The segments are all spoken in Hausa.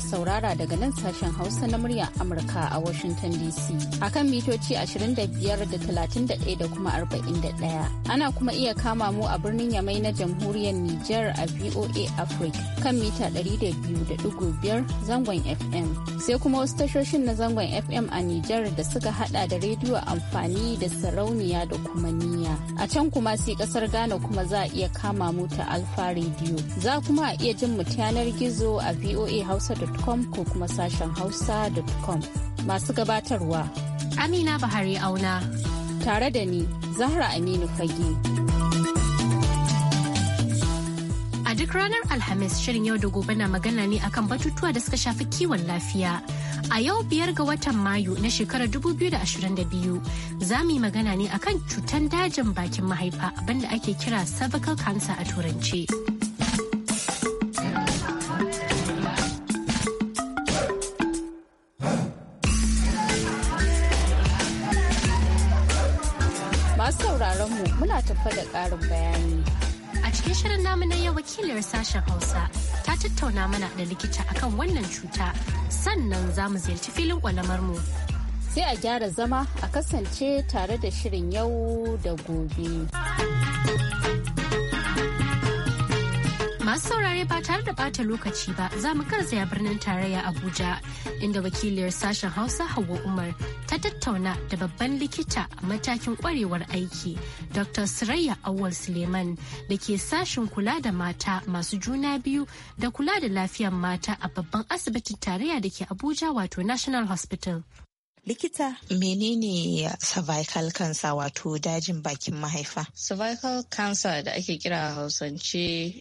saurara daga nan sashen Hausa na murya Amurka a Washington DC a kan mitoci 25 da 31 da kuma 41. Ana kuma iya kama mu a birnin Yamai na jamhuriyar Nijar a VOA Africa kan mita 200.5 zangon FM. sai kuma wasu tashoshin na zangon FM a Nijar da suka hada da rediyo amfani da sarauniya da kuma niya. A can kuma sai kasar Ghana kuma za a iya kama mu ta Alfa Radio. Za kuma a iya jin mu yanar gizo a voahausa.com ko kuma sashen hausa.com. Masu gabatarwa. Amina Bahari Auna. Tare da ni, Zahra Aminu Fage. duk ranar Alhamis shirin yau da gobe na magana ne akan batutuwa da suka shafi kiwon lafiya. A yau biyar ga watan Mayu na shekarar 2022 za mu yi magana ne akan cutan dajin bakin mahaifa abinda ake kira cervical cancer a Turanci. wakilar sashen hausa ta tattauna mana da likita akan wannan cuta sannan za mu ziyarci filin mu. sai a gyara zama a kasance tare da shirin yau da gobe. Masu saurare ba tare da bata lokaci ba za mu garzaya birnin tarayya Abuja inda wakiliyar sashen Hausa Hauwa Umar ta tattauna da babban likita a matakin kwarewar aiki Dr. Sirayya Awal Suleiman da ke sashen kula da mata masu juna biyu da kula da lafiyar mata a babban asibitin tarayya da ke Abuja wato National Hospital. Likita menene cervical cancer wato dajin bakin mahaifa? Cervical cancer da ake kira a hausance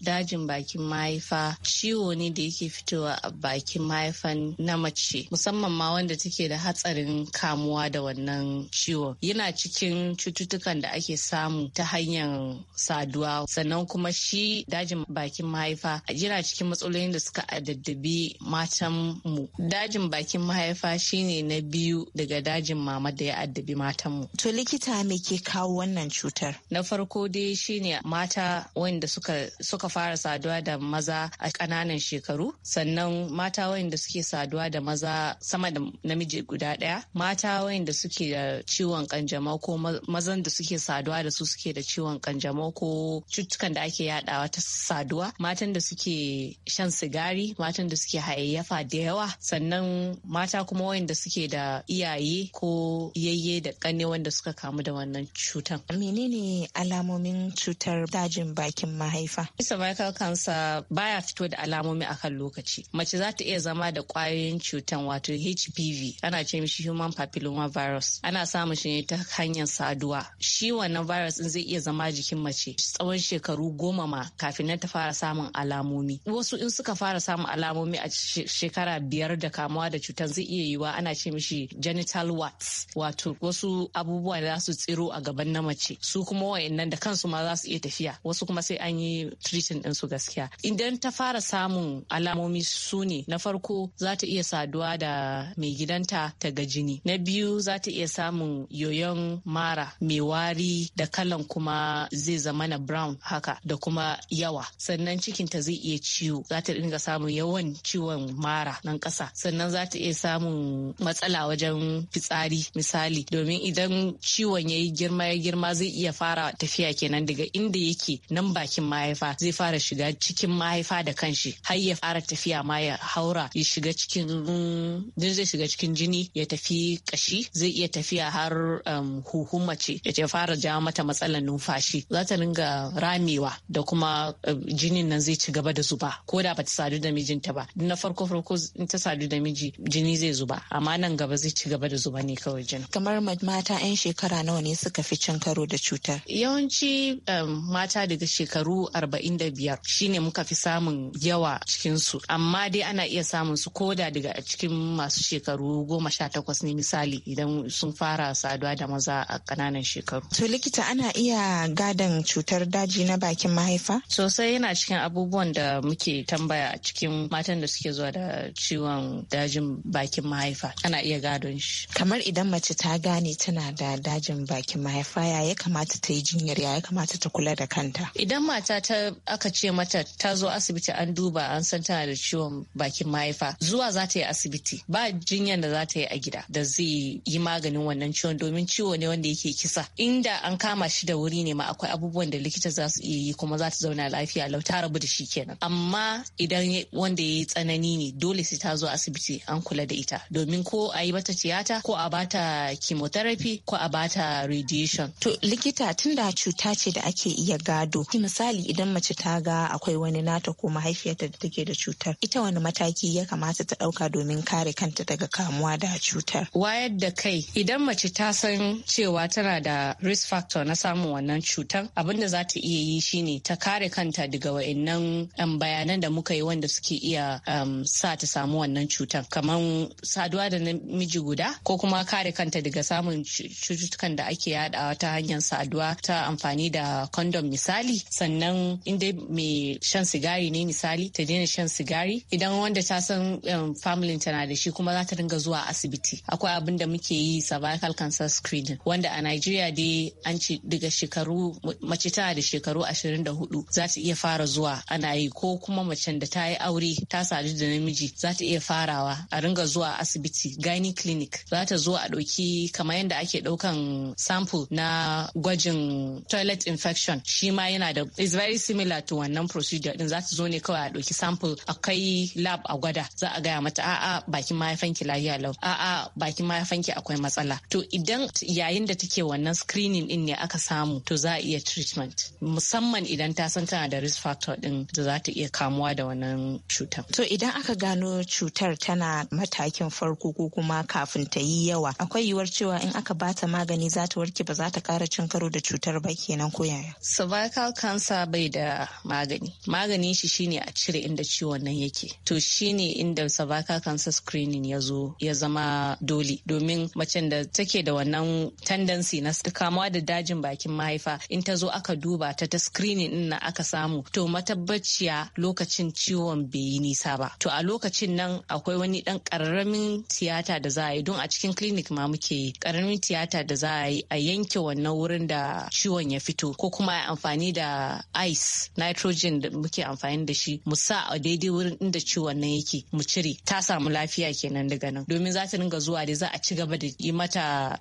dajin bakin mahaifa ciwo ne da yake fitowa a bakin mahaifan na mace musamman ma wanda take da hatsarin kamuwa da wannan ciwo Yana cikin cututtukan da ake samu ta hanyar saduwa sannan kuma shi dajin bakin mahaifa yana cikin matsalolin da suka adaddabi matan mu. Dajin bakin mahaifa shine na biyu daga dajin mama da ya addabi matan mu. To likita me ke kawo wannan cutar? Na farko dai shine mata wanda suka, fara saduwa da maza a kananan shekaru, sannan mata wanda suke saduwa da maza sama da namiji guda daya. mata wanda suke da ciwon kanjamau ko mazan da suke saduwa da su suke da ciwon kanjamau ko cutukan da ake yadawa ta saduwa, matan da suke shan sigari, matan da suke hayayyafa da yawa, sannan mata kuma wanda suke da iya iyaye ko yayye da kane wanda suka kamu da wannan cutan. Menene alamomin cutar dajin bakin mahaifa? Cervical cancer baya fito da alamomi a kan lokaci. Mace za ta iya zama da kwayoyin cutan wato HPV ana ce mishi human papilloma virus. Ana samun shi ne ta hanyar saduwa. Shi wannan virus in zai iya zama jikin mace tsawon shekaru goma ma kafin nan ta fara samun alamomi. Wasu in suka fara samun alamomi a shekara biyar da kamuwa da cutan zai iya yiwa ana ce mishi genital warts wato wasu abubuwa da su tsiro a gaban na mace su kuma wayannan da kansu ma za su iya tafiya wasu kuma sai an yi treating din su gaskiya idan ta fara samun alamomi su ne na farko za ta iya saduwa da mai gidanta ta ga jini na biyu za ta iya samun yoyon mara mai wari da kalan kuma zai zama na brown haka da kuma yawa sannan cikinta zai iya ciwo za ta dinga samun yawan ciwon mara nan ƙasa sannan za ta iya samun matsala wajen yoyon fitsari misali domin idan ciwon ya yi girma ya girma zai iya fara tafiya kenan daga inda yake nan bakin mahaifa zai fara shiga cikin mahaifa da kanshi har ya fara tafiya ma ya haura ya shiga cikin zai shiga cikin jini ya tafi kashi zai iya tafiya har um, huhu mace ya fara jawo mata matsalar numfashi za ta ringa ramewa da kuma um, jinin nan zai ci gaba da zuba ko da bata sadu da mijinta ba na farko farko in ta sadu da miji jini zai zuba amma nan gaba zai ci cigaba gaba da zuba ne kawai jini. Kamar mata 'yan shekara nawa ne suka fi cin karo da cutar? Yawanci um, mata daga shekaru 45 shine muka fi samun yawa cikinsu amma dai ana iya samun su koda daga cikin masu shekaru goma sha takwas ne misali idan sun fara saduwa da maza a kananan shekaru. To likita ana iya gadon cutar daji na bakin mahaifa? Sosai yana cikin abubuwan da muke tambaya a cikin matan da suke zuwa da ciwon dajin bakin mahaifa ana iya gadon shi kamar idan mace ta gane tana da dajin bakin mahaifa ya ya kamata ta yi jinyar ya ya kamata ta kula da kanta idan mata ta aka ce mata ta zo asibiti an duba an san tana da ciwon bakin mahaifa zuwa za ta yi asibiti ba jinyar da za ta yi a gida da zai yi maganin wannan ciwon domin ciwo ne wanda yake kisa inda an kama shi da wuri ne ma akwai abubuwan da likita za su iya yi kuma za ta zauna lafiya lau ta rabu da shi kenan amma idan wanda ya yi tsanani ne dole sai ta zo asibiti an kula da ita domin ko a yi mata ce tiyata ko a bata chemotherapy ko a bata radiation. To likita tunda cuta ce da ake iya gado misali idan mace ta ga akwai wani nata ko mahaifiyarta da take da cutar ita wani mataki ya kamata ta ɗauka domin kare kanta daga kamuwa da cutar. Wayar da kai idan mace ta san cewa tana da risk factor na samun wannan cutar abin da za ta iya yi shine ta kare kanta daga wa'annan um, bayanan da muka yi wanda suke iya um, sa ta samu wannan cutar kamar saduwa da namiji guda guda ko kuma kare kanta daga samun cututtukan da ake yadawa ta hanyar saduwa ta amfani da kondom misali sannan inda mai shan sigari ne misali ta daina shan sigari idan wanda ta san um, family ta na da shi kuma za ta dinga zuwa asibiti akwai abin da muke yi cervical cancer screening wanda a Najeriya dai an ce daga shekaru mace tana da shekaru 24 za ta iya fara zuwa ana yi ko kuma macen da ta yi aure ta sadu da namiji za ta iya farawa a ringa zuwa asibiti gani clinic clinic za ta zo a ɗauki kamar yadda ake ɗaukan sample na gwajin toilet infection shi ma yana da is very similar to wannan procedure din za ta zo ne kawai a ɗauki sample a kai lab a gwada za a gaya mata a'a bakin mahaifanki lafiya lau a'a bakin mahaifanki akwai matsala to idan yayin da take wannan screening din ne aka samu to za a iya treatment musamman idan ta san tana da risk factor din da za ta iya kamuwa da wannan cutar to idan aka gano cutar tana matakin farko ko kuma kafin kafin ta yi yawa akwai yiwuwar cewa in aka bata magani za ta warke ba za ta kara cin karo da cutar ba kenan ko yaya cervical cancer bai da magani maganin shi shine a cire inda ciwon nan yake to shine inda cervical cancer screening ya zo ya zama dole domin mace da take da wannan tendency na kamuwa da dajin bakin mahaifa in ta zo aka duba ta ta screening din nan aka samu to matabbaciya lokacin ciwon bai yi nisa ba to a lokacin nan akwai wani dan karamin tiyata da za a yi yi don a cikin clinic ma muke yi karamin tiyata da za a yi a yanke wannan wurin da ciwon ya fito ko kuma a amfani da ice nitrogen da muke amfani da shi mu sa a daidai wurin inda ciwon nan yake mu cire ta samu lafiya kenan daga nan domin za ta ringa zuwa da za a ci gaba da yi mata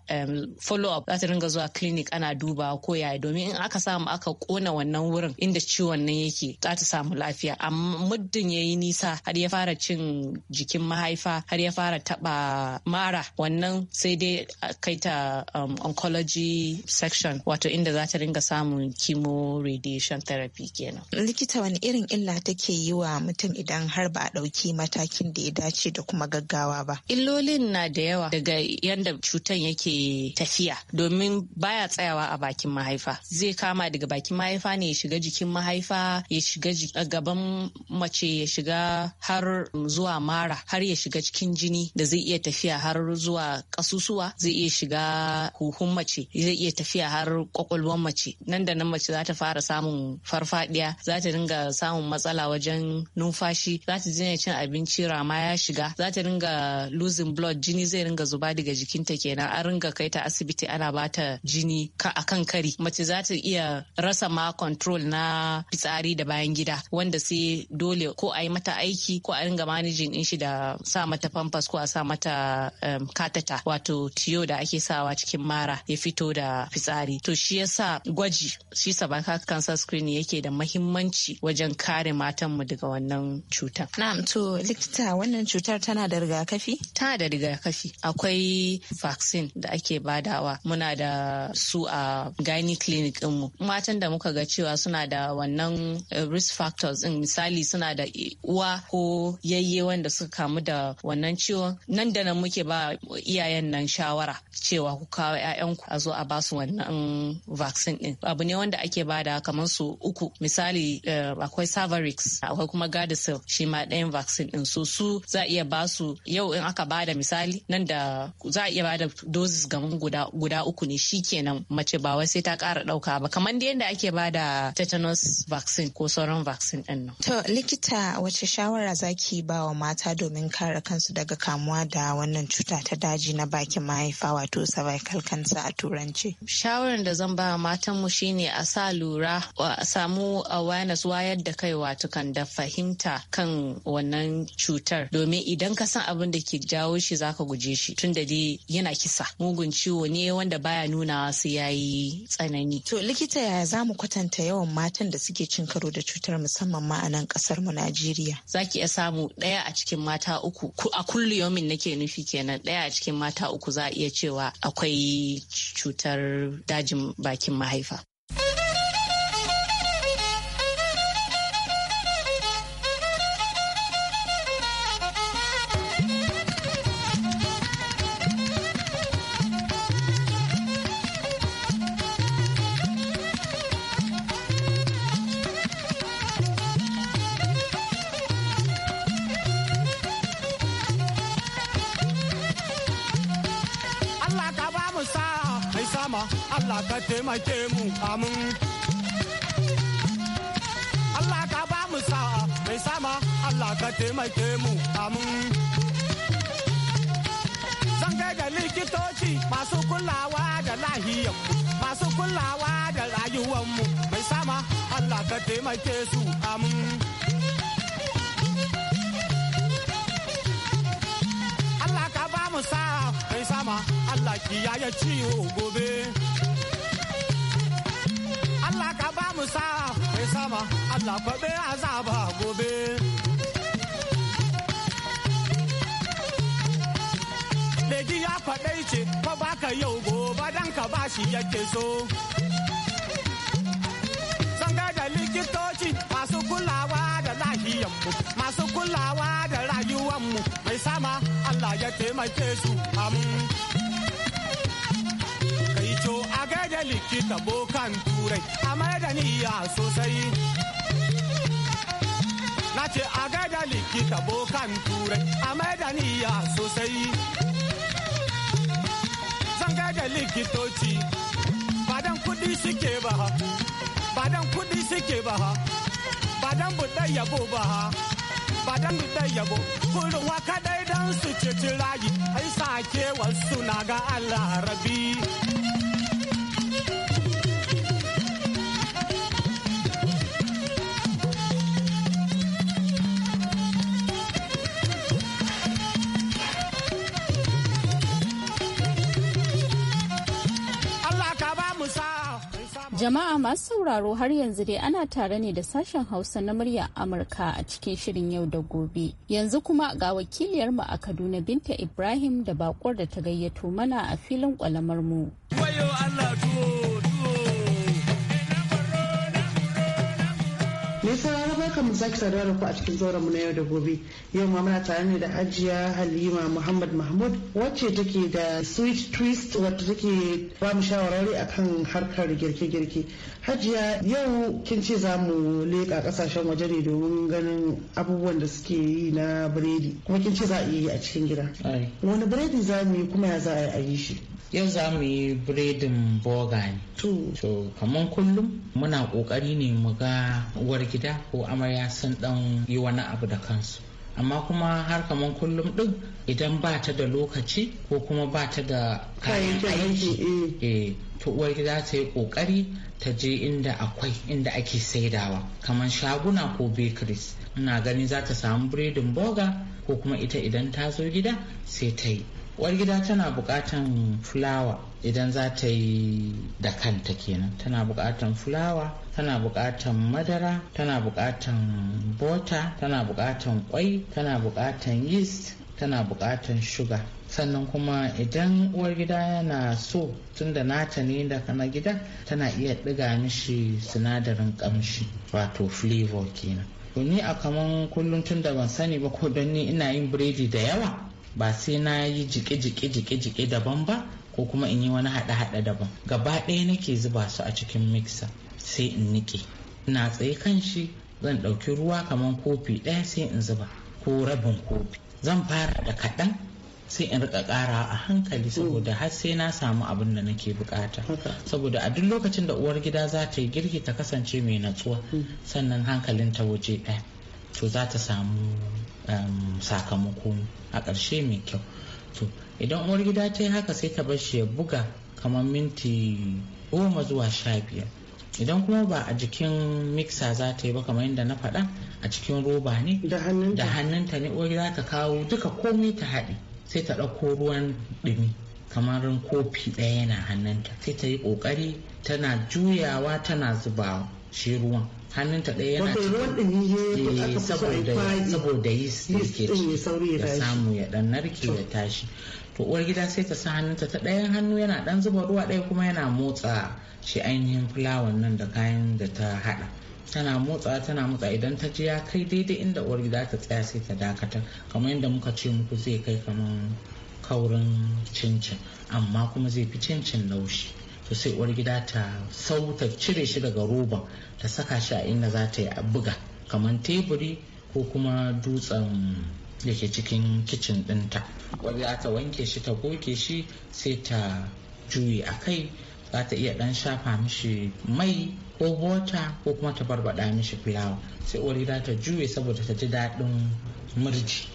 follow up za ta ringa zuwa clinic ana duba ko yaya domin in aka samu aka kona wannan wurin inda ciwon nan yake za ta samu lafiya amma muddin yayi nisa har ya fara cin jikin mahaifa har ya fara taba ma kara wannan sai dai kai ta um, oncology section wato inda za ta ringa samun chemo radiation therapy kenan likita wani irin illa take yi wa mutum idan har ba a ɗauki matakin da ya dace da kuma gaggawa ba illolin na da yawa daga yadda cutan yake tafiya domin baya tsayawa a bakin mahaifa zai kama daga bakin mahaifa ne ya shiga jikin mahaifa ya shiga gaban mace ya shiga har zuwa mara har ya shiga cikin jini da zai iya tafiya har har zuwa kasusuwa zai iya shiga huhun mace zai iya tafiya har kwakwalwar mace nan da nan mace za ta fara samun farfadiya za ta dinga samun matsala wajen numfashi za ta dinga cin abinci rama ya shiga za ta dinga losing blood jini zai dinga zuba daga jikinta kenan an ringa kai ta asibiti ana bata jini ka akan kari mace za ta iya rasa ma control na fitsari da bayan gida wanda sai dole ko a yi mata aiki ko a ringa managing din shi da sa mata pampers ko a sa mata katata um, wato tiyo da ake sawa cikin mara ya fito da fitsari to shi yasa gwaji shi sabaka cancer screening yake da mahimmanci wajen kare matan mu daga wannan cutar na'am to likita wannan cutar tana da rigakafi tana da rigakafi akwai vaccine da ake badawa muna da su a gani clinic mu matan da muka ga cewa suna da wannan eh, risk factors din misali suna da uwa ko yayye wanda suka kamu da wannan ciwon nan da nan muke ba iyayen nan shawara cewa ku kawo 'ya'yanku a zo a ba su wannan vaccine din abu ne wanda ake bada kamar su uku misali eh, akwai savarix akwai kuma gardasil shi ma ɗayan vaccine din so su za iya ba su yau in aka bada misali nan da za a iya bada doses gaman guda guda uku ne shi kenan mace ba wai sai ta ƙara ɗauka ba kamar da yadda ake bada tetanus vaccine ko sauran vaccine din nan. To likita wace shawara zaki ba wa mata domin kare kansu daga kamuwa da wannan cuta? cuta ta daji na bakin mahaifa wato cervical cancer a turanci. Shawarar da zan ba matan mu shine a sa lura a samu awareness wayar da kai wato kan da fahimta kan wannan cutar domin idan ka san abin da ke jawo shi zaka guje shi tun da dai yana kisa mugun ciwo ne wanda baya nuna sai yayi tsanani. To likita yaya zamu kwatanta yawan matan da suke cin karo da cutar musamman ma a nan kasar mu Najeriya? Zaki iya samu ɗaya a cikin mata uku a kullu yomin nake nufi kenan. kenan ɗaya a cikin mata uku za a iya cewa akwai cutar dajin bakin mahaifa. Allah ka taimake mu amin. Allah ka ba mu sa'a mai sama Allah ka taimake mu amin. Zan da likitoci masu kulawa da lahiyar masu kulawa da rayuwanmu mai sama Allah ka taimake su amin. Allah ka ba mu sa'a mai sama Allah kiyaye ciwo gobe. mai sama Allah kwaɓe azaba gobe. Leji ya faɗai ce fa baka yau gobe dan ka ba shi yake so. Sanga da likitoci masu kulawa da lahiyanmu masu kulawa da rayuwanmu mai sama Allah ya taimake su amin. da bokan turai a da niyya sosai na ce a gaida likita bokan turai a da niyya sosai zan gaida likitoci badan kudi suke ba ha badan kudi suke ba ha badan budai yabo ba ha badan budai yabo kudin waka dai don su ci rayu ai sake wasu na ga Allah rabi. Jama'a masu sauraro har yanzu dai ana tare ne da sashen Hausa na murya Amurka a cikin shirin yau da gobe. Yanzu kuma ga wakiliyarmu a Kaduna Binta Ibrahim da bakwar da ta gayyato mana a filin kwalamar mu. haka mu sake saduwa da ku a cikin zauren mu na yau da gobe yau ma muna tare ne da ajiya halima muhammad mahmud wacce take da sweet twist wacce take ba mu shawarwari akan harkar girke-girke hajiya yau kin ce za mu leƙa ƙasashen waje ne domin ganin abubuwan da suke yi na biredi kuma kin ce za a yi a cikin gida wani biredi za mu yi kuma ya za a yi shi yau za mu yi biredin boga ne to kamar kullum muna ƙoƙari ne mu ga uwar gida ko amarya sun ɗan yi wani abu da kansu amma kuma har kamar kullum din idan ba ta da lokaci ko kuma ba ta da kayan aiki eh. Eh, to uwar gida ta yi kokari ta je inda akwai inda ake saidawa kamar shaguna ko bakeries ina gani za ta samu biredin boga ko kuma ita idan ta zo gida sai ta yi uwar gida tana bukatan fulawa idan za ta yi da kanta kenan tana buƙatan fulawa tana buƙatan madara tana buƙatan bota tana buƙatan kwai tana buƙatan yeast tana buƙatan shuga sannan kuma idan uwar gida yana so tun da nata ne da na gida tana iya ɗiga mishi sinadarin ƙamshi wato flavor kenan to ni a kaman kullum tun da ban sani ba ko don ni ina yin biredi da yawa ba sai na yi jike jike jike jike daban ba ko kuma in yi wani haɗe haɗe daban gaba ɗaya nake zuba su a cikin mixer sai in nike ina tsaye kan shi zan ɗauki ruwa kamar kofi ɗaya sai in zuba ko rabin kofi zan fara da kaɗan sai in rika ƙara a hankali saboda har sai na samu abin da nake bukata saboda a duk lokacin da uwar gida za ta yi girki ta kasance mai natsuwa hmm. sannan hankalin ta waje ɗaya to za ta samu um, sakamako a ƙarshe mai kyau to idan uwar gida ta yi haka sai ta bar shi ya buga kamar minti goma zuwa sha biyar idan kuma ba a jikin mixer za ta yi ba kamar yadda na faɗa a cikin roba ne da hannunta ne wani za ta kawo duka komai ta haɗe sai ta ɗauko ruwan ɗumi kamar kofi ɗaya yana hannunta sai ta yi ƙoƙari tana juyawa tana zuba shi ruwan hannunta ɗaya yana cikin eh, saboda yis ke ci ya samu ya ɗan narke ya tashi to uwar gida sai ta sa hannunta ta ɗayan hannu yana ɗan zuba ruwa ɗaya kuma yana motsa shi ainihin fulawan nan da kayan da ta haɗa tana motsa tana motsa idan ta ji ya kai daidai inda uwar gida ta tsaya sai ta dakatar kamar yadda muka ce muku zai kai kamar kaurin cincin amma kuma zai fi cincin laushi to sai uwar gida ta sauta cire shi daga roba ta saka shi a inda za ta yi buga kamar teburi ko kuma dutsen da ke cikin kicin ɗinta wanda aka wanke shi ta goge shi sai ta juyi a kai za ta iya ɗan shafa mishi mai ko bota ko kuma ta barbaɗa mishi fulawa sai uwar gida ta juye saboda ta ji daɗin murji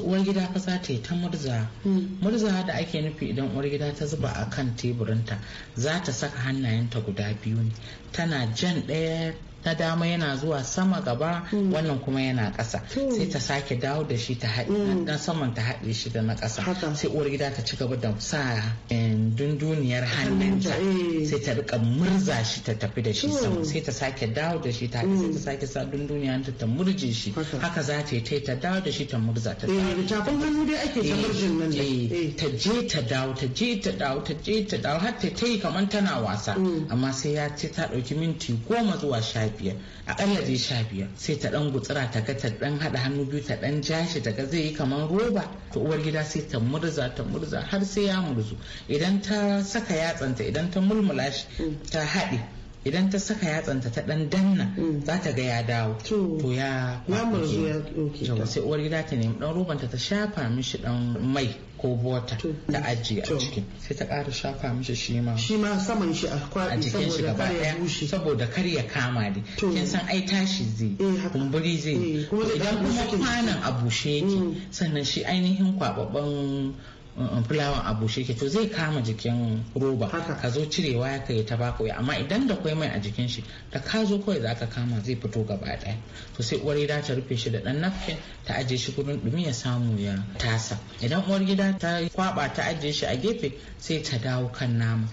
uwar gida fa za ta yi ta murza hmm. murza da ake nufi idan uwar gida ta zuba a kan teburinta za ta saka hannayenta guda biyu ne tana jan ɗaya na dama yana zuwa sama gaba mm. wannan kuma yana ƙasa mm. sai ta sake dawo da shi ta haɗe mm. na saman ta haɗe shi da na ƙasa sai uwar gida ta ci gaba da sa eh, dunduniyar hannunta eh. sai ta rika murza shi ta tafi da shi sama sai ta sake dawo da shi ta haɗe sai ta sake sa dunduniyar ta murje shi haka za ta yi ta ta dawo da shi ta murza ta eh, tafin ake ta murjin nan ne ta je ta dawo ta je ta dawo ta je ta dawo har ta yi kamar tana wasa amma sai ya ce ta ɗauki minti goma zuwa sha biyar akalla dai sha biyar sai ta dan gutsira ta ga ta dan hada hannu biyu ta dan jashi ta ga zai yi kamar roba to uwar gida sai ta murza ta murza har sai ya murzu idan ta saka yatsanta idan ta mulmula shi ta haɗe idan ta saka yatsanta ta dan danna mm. za ta ga ya dawo to ya kwakwake sai uwar gida ta nemi dan robanta ta shafa mishi dan mai ko bota Ta ajiye a ciki sai ta ƙara shafa mishi shi ma shi ma saman shi a kwaɗi saboda kar ya bushe saboda kar ya kama ne kin san ai tashi zai eh, kumburi zai eh, idan kuma kwanan a bushe yake mm. sannan shi ainihin kwababban Mm, fulawa a bushe ke to zai kama jikin roba ka zo cirewa ya kai ta bako ya amma idan da kwai mai a jikin shi da ka zo kawai za ka kama zai fito gaba ɗaya to sai uwar gida ta rufe shi da ɗan nafkin ta ajiye shi gurin ɗumi ya samu ya tasa idan uwar gida ta kwaba ta ajiye shi a gefe sai ta dawo kan nama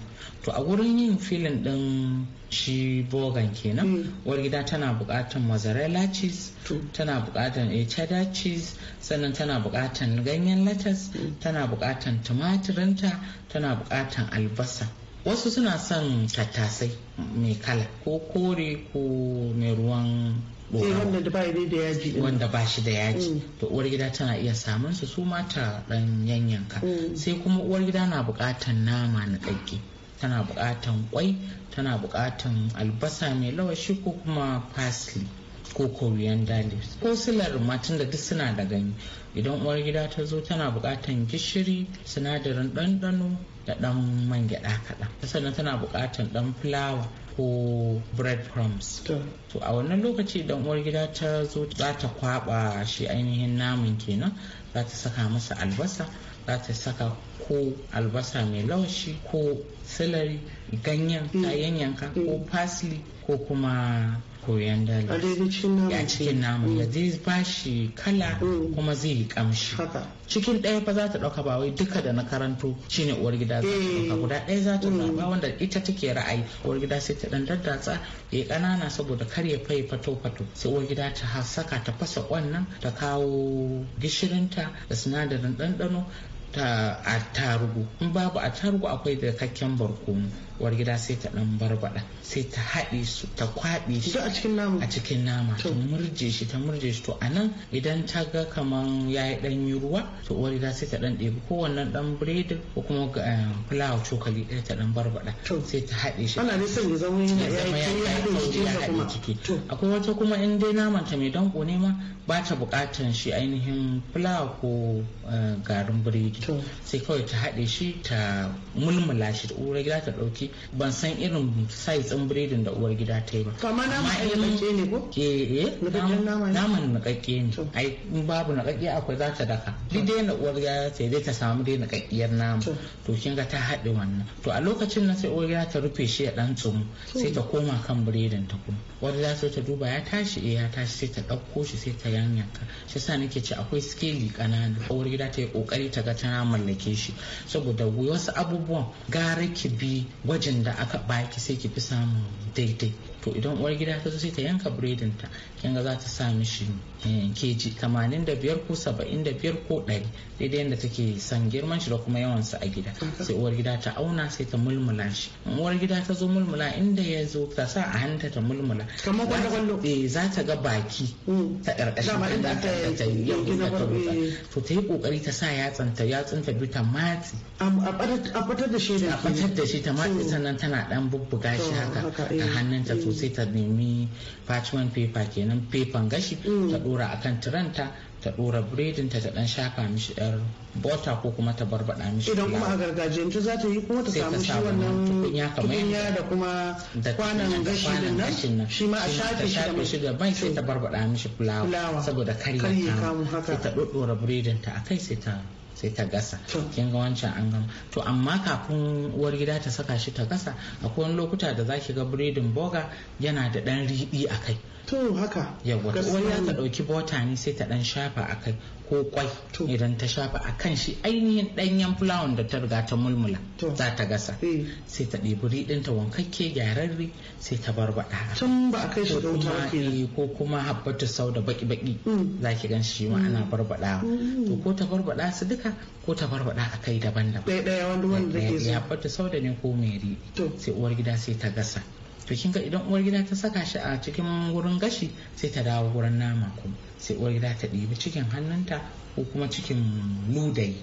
to a gurin yin filin din shi bogan kenan hmm. uwar gida tana bukatan mozzarella cheese tana buƙatar eh, cheddar cheese sannan tana bukatan ganyen latas hmm. tana bukatan tumatirinta tana buƙatar albasa wasu suna son tattasai mai kala ko kore ko mai ruwan eh, wanda ba shi da yaji hmm. to uwar gida tana iya samun su su mata dan yanyanka sai kuma uwar gida na buƙatar nama na ƙaƙƙi tana buƙatan kwai tana buƙatan albasa mai lawashi ko kuma parsley ko coriander leaves ko silar matan da duk suna da gani idan uwar gida ta zo tana buƙatan gishiri sinadarin ɗanɗano da ɗan man gyaɗa kaɗan sannan tana buƙatan ɗan fulawa ko bread crumbs to a wannan lokaci idan uwar gida ta zo za ta kwaɓa shi ainihin naman kenan za ta saka masa albasa za ta saka ko albasa mai laushi ko celery ganyen mm. kayan yanyanka ko mm. parsley ko kuma koyan dala a cikin nama mm. ya zai ba shi kala kuma zai yi kamshi cikin ɗaya fa za ta ɗauka ba wai duka da na karanto shine uwar gida za ta eh. ɗauka guda ɗaya za ta zaɓa wanda ita take ra'ayi uwar gida sai ta ɗan daddatsa ya yi ƙanana saboda kar ya fai fato fato sai uwar gida ta saka ta fasa ƙwannan ta kawo gishirinta da sinadarin ɗanɗano ta attarugu in babu attarugu akwai da kakken barkono uwar gida sai ta dan barbada sai ta haɗe su ta kwaɓe shi a cikin nama a cikin nama ta murje shi ta murje shi to anan idan ta ga kaman ya yi dan yi ruwa to uwar gida sai ta dan ɗebi wannan dan biredi ko kuma eh, fulawa cokali ɗaya ta dan barbada sai ta haɗe shi ana ne son ya zama yana yayi ciki akwai wata kuma in dai naman ta mai danko ne ma ba ta bukatan shi ainihin fulawa ko eh, garin biredi sai kawai ta haɗe shi ta mulmula shi ta uwar gida ta ɗauki shi ban san irin size biredin da uwar gida ta yi ba amma naman ne ko eh eh naman nakakke ne ai in babu nakakke akwai za ta daka duk dai na uwar gida ta dai ta samu dai na kakkiyar nama to kin ga ta haɗe wannan to a lokacin na sai uwar gida ta rufe shi ya dan tsumu sai ta koma kan biredin ta kuma wanda za su ta duba ya tashi eh ya tashi sai ta ɗauko shi sai ta yanyanka shi sa nake ce akwai skeli ƙanana uwar gida ta yi ƙoƙari ta ga ta mallake shi saboda wasu abubuwan gara ki bi gwajin da aka baki sai ki fi samun daidai to idan uwar gida ta zo sai ta yanka biredin ta kin ga za ta sa mishi eh, keji 85 ko 75 ko 100 daidai yadda take son girman shi da kuma yawan sa a gida sai uwar gida ta auna sai ta mulmula shi uwar gida ta zo mulmula inda ya zo ta sa a hanta ta mulmula kamar kwallo kwallo eh za ta ga baki mm. ta karkashin da ta yi eh. to ta yi kokari ta sa ya yatsanta biyu ta matsi a fitar da shi a fitar da shi ta matsi mm. sannan tana dan bubbuga shi haka da eh. hannunta to sai ta nemi parchment paper kenan fefan gashi mm. ta dora akan tiranta ta dora biredin ta ta dan shafa mishi yar bota ko kuma ta barbada mishi idan kuma a gargajiyance za ta yi kuma ta samu shi wannan tukunya kamar da kuma kwanan gashi din nan shi ma a shafe shi da mai shi gaban sai ta barbada mishi fulawa saboda kariya ya kamu sai ta dora biredin ta akai sai ta sai ta gasa kin ga wancan an gama to amma kafin uwar gida ta saka shi ta gasa akwai wani lokuta da zaki ga biredin boga yana da dan riɗi a kai to haka yawa wani ya ta dauki bota ne sai ta dan shafa akai ko kwai idan ta shafa akan shi ainihin danyen fulawan da ta riga ta mulmula za ta gasa eh. sai ta ɗebi riɗin ta wankakke gyararre sai ta barbaɗa tun ba a kai shi da wuta eh, ko kuma habbatu sau da baki baki mm. za ki gan shi ma ana barbaɗa mm. to ko ta barbaɗa su duka ko ta barbaɗa a kai daban daban ɗaya ɗaya wanda wanda ke so eh, habbatu sau da ne ko mai riɗi sai uwar gida sai ta gasa to kin ga idan uwar gida ta saka shi a cikin wurin gashi sai ta dawo wurin nama kuma sai uwar gida ta ɗibi cikin hannunta ko kuma cikin ludayi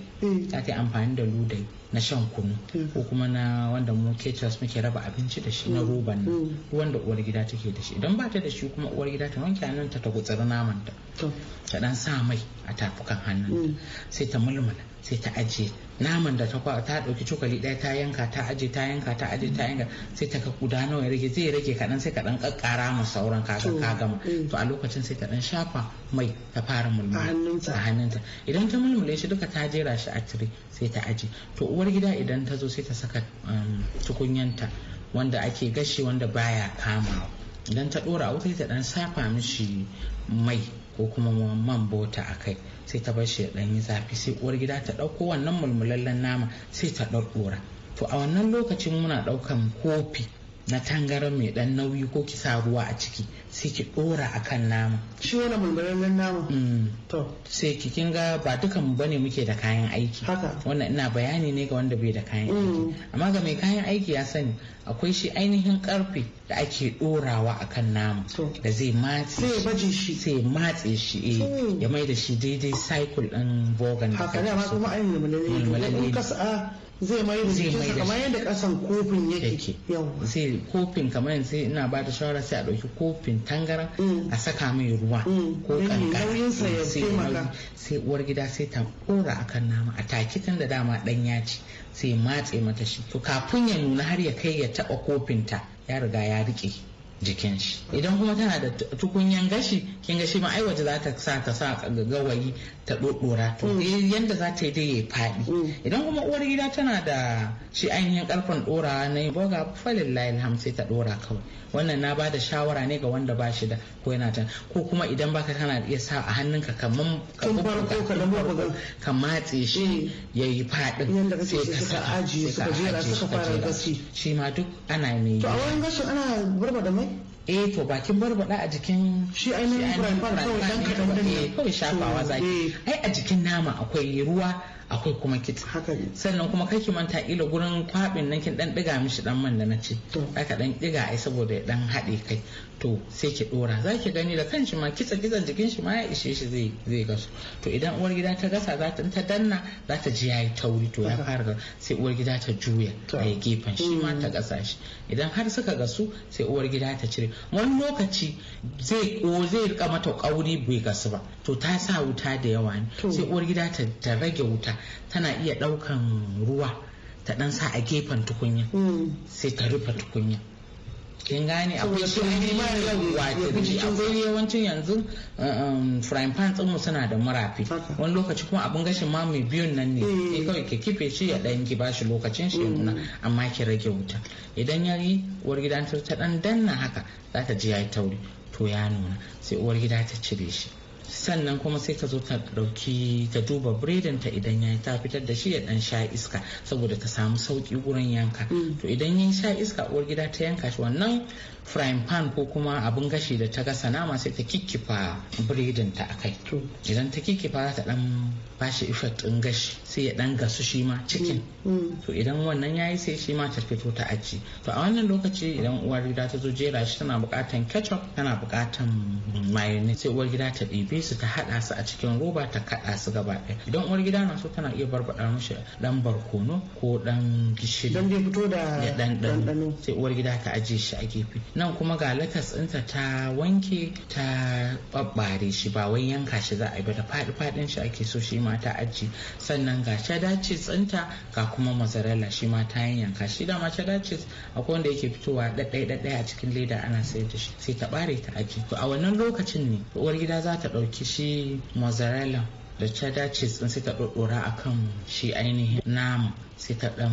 ta eh. ta yi amfani da ludayi na shan kunu eh. ko kuma na wanda mu caterers muke raba abinci da shi na mm. roban nan mm. Wanda uwargida uwar gida take da shi idan ba ta da shi kuma uwar gida ta wanke hannunta ta gutsiri naman ta ta dan sa mai a tafukan hannunta mm. sai ta mulmula sai ta ajiye naman da ta kwa ta dauki cokali daya ta yanka ta aje ta yanka ta aje ta yanka sai ta ka guda nawa ya rage zai rage kadan sai kadan kakkara ma sauran kaga ka gama mm. to a lokacin sai ta dan shafa mai ta fara mulmula a hannunta idan ta mulmule shi duka ta jera shi a tire sai ta aje to uwar gida idan ta zo sai ta saka um, tukunyanta wanda ake gashi wanda baya kama idan ta dora wuta ta dan safa mishi mai ko kuma man bota a kai sai ta bar shi ɗanyi yi zafi sai uwar gida ta ɗauko wannan mulmulallen nama sai ta ɗaɗɗora to a wannan lokacin muna ɗaukan kofi na tangaran mai ɗan nauyi ko ki sa ruwa a ciki sai ki ɗora a kan nama shi wani mulmulallen nama mm. to sai ki kin ga ba dukan bane muke da kayan aiki haka wannan ina bayani ne ga wanda bai da kayan aiki mm. amma ga mai kayan aiki ya sani akwai shi ainihin karfe da ake dorawa akan namu da zai matse shi sai matse shi eh, ya mai da shi daidai cycle din bogan da haka ne ma kuma ainihin hmm, mulmulali in kasa ah, zai mai da shi kamar yadda kasan kofin yake zai kofin kamar sai ina ba da shawara sai a ɗauki kofin tangara hmm. a saka mai ruwa hmm. ko kankan sai uwar gida sai ta ɗora akan nama a takitin da dama dan ya ci sai matse mata shi to kafin ya nuna har ya kai ya taba kofinta ya riga ya rike jikin shi idan kuma tana da tukunyan gashi kin gashi ma ai waje za ta sa ka sa gawayi ta dodora to mm. eh, yanda za ta yi dai ya faɗi mm. idan kuma uwar gida tana da shi ainihin karfin dorawa na boga falin layin sai ta dora kawai wannan na bada shawara ne ga wanda ba shi da ko yana ta ko kuma idan baka kana iya sa a hannunka kaman ka matse shi mm. ya yi faɗin sai ka sa ajiye suka jera suka fara gashi shi ma duk ana ne to a wani gashin ana barba da mai eh to bakin barbada a jikin shi ainihin frying pan kawai dan kadan din nan kawai shafawa zaki eh. ai a jikin nama akwai ruwa akwai kuma kit sannan kuma kai ki manta ila gurin kwabin nan kin dan diga mishi dan man da nace aka dan diga ai saboda ya dan haɗe kai to sai ki dora za ki gani da shi ma kitsa kitsan jikin shi ma ya ishe shi zai zai gasu to idan uwar gida ta gasa za ta danna za ta ji yayi tauri to ya fara sai uwar gida ta juya a yi gefen shi ma ta gasa shi idan har suka gasu sai uwar gida ta cire wani lokaci zai ko zai rika mata kauri bai gasu ba to ta sa wuta da yawa ne sai uwar gida ta rage wuta tana iya daukan ruwa ta dan sa a gefen tukunya mm. sai ta rufe tukunya kin gane akwai su ainihin yawancin yanzu uh, um, frying pan tsinmu suna da murafi wani lokaci kuma abin gashin ma mai biyun nan ne eh. sai kawai ki kife shi ya dan ki bashi lokacin shi mm. nuna amma ki rage wuta idan ya yi uwar gida ta dan danna haka za ta ji ya yi tauri to ya nuna sai uwar gida ta cire shi sannan kuma sai ka zo ta dauki ta duba biredin ta idan yayi ta fitar da shi ya dan sha iska saboda ka samu sauki wurin yanka mm. to idan ya sha iska uwar gida ta yanka shi wannan frying pan ko kuma abin gashi da ta gasa nama sai ta kikkifa biredin ta akai idan ta kikkifa za ta dan bashi effect din gashi sai ya dan gasu shi ma cikin mm. Mm. to idan wannan yayi sai shi ma ta fito ta aji to a wannan lokaci idan uwar gida ta zo jera shi tana bukatan ketchup tana bukatan mayonnaise sai uwar gida ta ɗibi haife su ta haɗa su a cikin roba ta kaɗa su gaba ɗaya idan uwar gida na so tana iya barbaɗa mishi ɗan barkono ko ɗan gishiri don bai fito da ɗanɗano sai uwar gida ta ajiye shi a gefe nan kuma ga latas ɗinta ta wanke ta ɓaɓɓare shi ba wai yanka shi za a yi ba da faɗi faɗin shi ake so shi ma ta ajiye sannan ga cheddar cheese ga kuma mozzarella shi ma ta yanka shi dama cheddar cheese akwai wanda yake fitowa ɗaɗɗaya ɗaɗɗaya a cikin leda ana sayar da shi sai ta bare ta ajiye to a wannan lokacin ne uwar gida za ta ɗauki ɗauki shi mozzarella da cheddar cheese din sai ta ɗoɗɗora a kan shi ainihin nama sai ta ɗan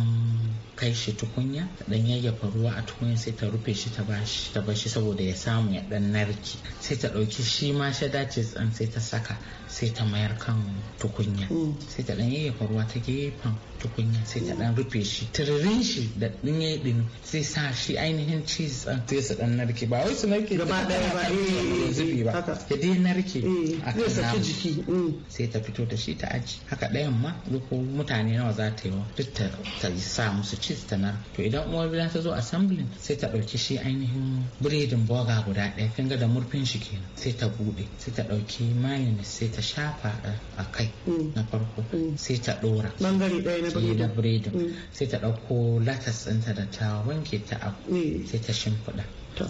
kai shi tukunya ta ɗan yayyafa ruwa a tukunya sai ta rufe shi ta bashi saboda ya samu ya ɗan narki sai ta ɗauki shi ma cheddar cheese din sai ta saka sai ta mayar kan tukunya hmm. sai ta ɗan yayyafa ruwa ta gefen tukunya sai ta dan rufe shi tiririn shi da dinye din sai sa shi ainihin cheese din sai su dan narke ba wai su narke gaba daya ba eh, zubi ba ya dai narke eh, a kan jiki mm. sai ta fito da shi ta aji haka dayan ma ko mutane nawa za ta yi wa duk ta sa musu cheese ta nar to idan uwar gida ta zo assembly sai ta dauki shi ainihin biredin boga guda daya kin ga da murfin shi kenan sai ta bude sai ta dauki mayonnaise sai ta shafa a kai mm. na farko mm. sai ta dora bangare daya biredin mm. sai ta ɗauko latas ɗinta da ta wanke ta abu mm. sai ta shimfiɗa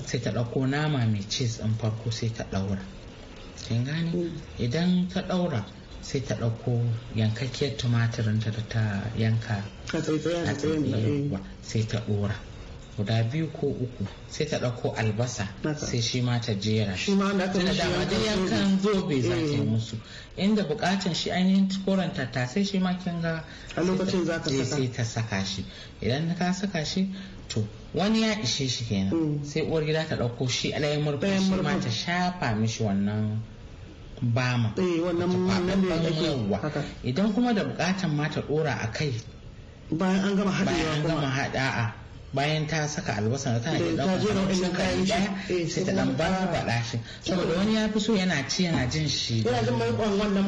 sai ta ɗauko nama mai cheese ɗin farko sai ta ɗaura kin gane mm. idan ta ɗaura sai ta ɗauko yankakkiyar tumatirinta da ta yanka a tsaitsayen eh. sai ta ɗora guda biyu ko uku sai ta ɗauko albasa sai shi ma ta jera shi tana dama da yankan zobe za ta yi eh. musu inda bukatan shi ainihin koren tattasai shi ma kin ga a lokacin za ka sai ta saka shi idan ka saka shi to wani ya ishe shi kenan mm. sai uwar gida ta dauko shi alayin murfi shi ma ta shafa mishi wannan bama eh, Wannan idan kuma da bukatan ma ta dora a kai bayan an gama kuma. bayan an gama haɗa'a bayan ta saka albasa eh, ta yi ɗaukar kayan kayan ɗaya eh, sai ta ɗan barbaɗa shi saboda wani ya fi so yana ci yana jin shi yana jin mai wannan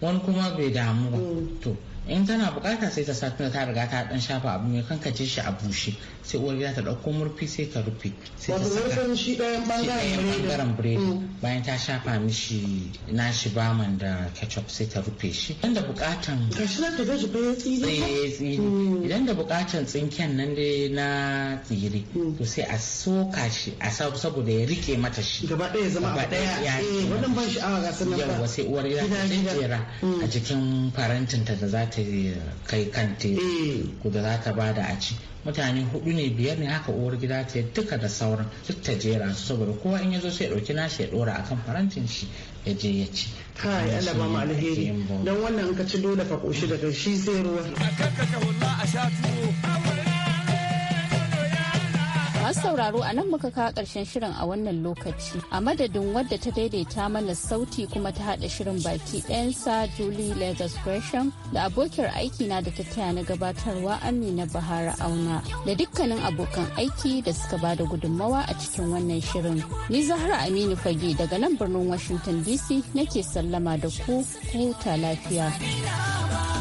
wani kuma bai damu ba mm. to in tana bukata sai ta sa tana ta riga ta dan shafa abu mai kankace shi a bushe sai uwar gida ta dauko murfi sai ta rufe sai ta saka shi ɗayan bangaren biredi mm. bayan ta shafa mishi nashi baman da ketchup sai ta rufe shi idan da bukatan gashi na ta gaji bayan tsiri idan da bukatan tsinken nan dai na tsiri mm. to sai a soka shi a saboda ya rike mata shi gaba ɗaya zama a ɗaya eh, wannan ban sha'awa ga sanar da sai uwar gida ta tsira a mm. jikin ta da za ta ta kai kanta eh. ko da za ta bada a ci mutane hudu ne biyar ne haka uwar gida ta duka da sauran duk ta jera su saboda kowa in ya zo sai dauki nashi ya dora akan farantin shi ya je ya ci kai Allah ba mu alheri dan wannan in ka ci dole ka koshi daga shi sai ruwa a a sha sauraro a nan muka kawo ƙarshen shirin a wannan lokaci. A madadin wadda ta daidaita mana sauti kuma ta haɗa shirin baki ɗayansa Julie Lagos Gresham da abokiyar aiki na da ta taya na gabatarwa Amina Bahara Auna da dukkanin abokan aiki da suka ba da gudunmawa a cikin wannan shirin. Ni Zahra Aminu Fage daga nan birnin Washington DC nake sallama da ku huta lafiya.